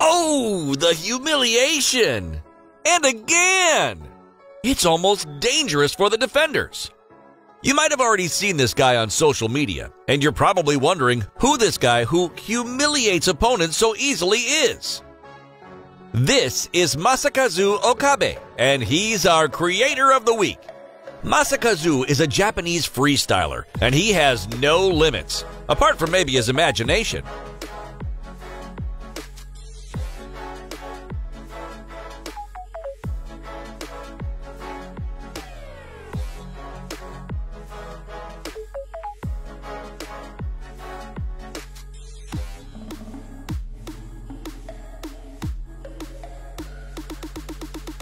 Oh, the humiliation! And again! It's almost dangerous for the defenders. You might have already seen this guy on social media, and you're probably wondering who this guy who humiliates opponents so easily is. This is Masakazu Okabe, and he's our creator of the week. Masakazu is a Japanese freestyler, and he has no limits, apart from maybe his imagination.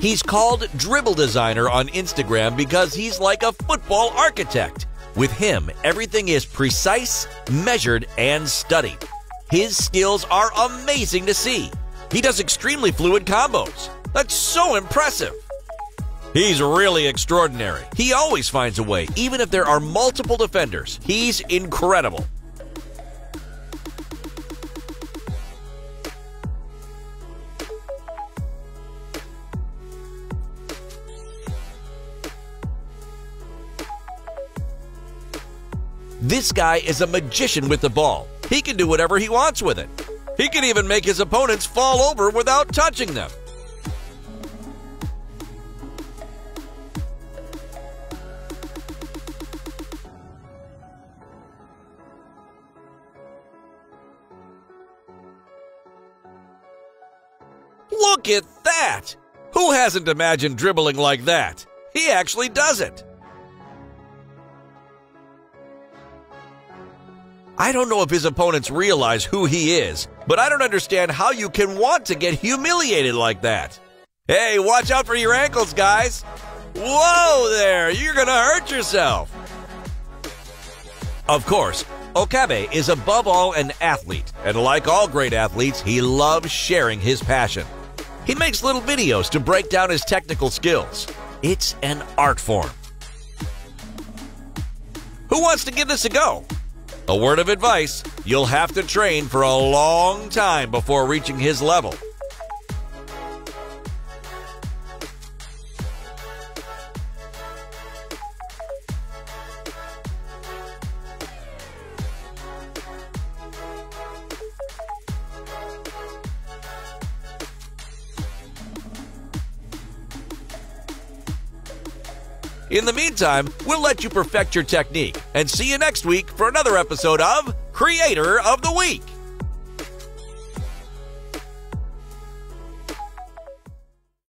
He's called Dribble Designer on Instagram because he's like a football architect. With him, everything is precise, measured, and studied. His skills are amazing to see. He does extremely fluid combos. That's so impressive. He's really extraordinary. He always finds a way, even if there are multiple defenders. He's incredible. This guy is a magician with the ball. He can do whatever he wants with it. He can even make his opponents fall over without touching them. Look at that! Who hasn't imagined dribbling like that? He actually does it! I don't know if his opponents realize who he is, but I don't understand how you can want to get humiliated like that. Hey, watch out for your ankles, guys! Whoa there, you're gonna hurt yourself! Of course, Okabe is above all an athlete, and like all great athletes, he loves sharing his passion. He makes little videos to break down his technical skills. It's an art form. Who wants to give this a go? A word of advice you'll have to train for a long time before reaching his level. In the meantime, we'll let you perfect your technique and see you next week for another episode of Creator of the Week.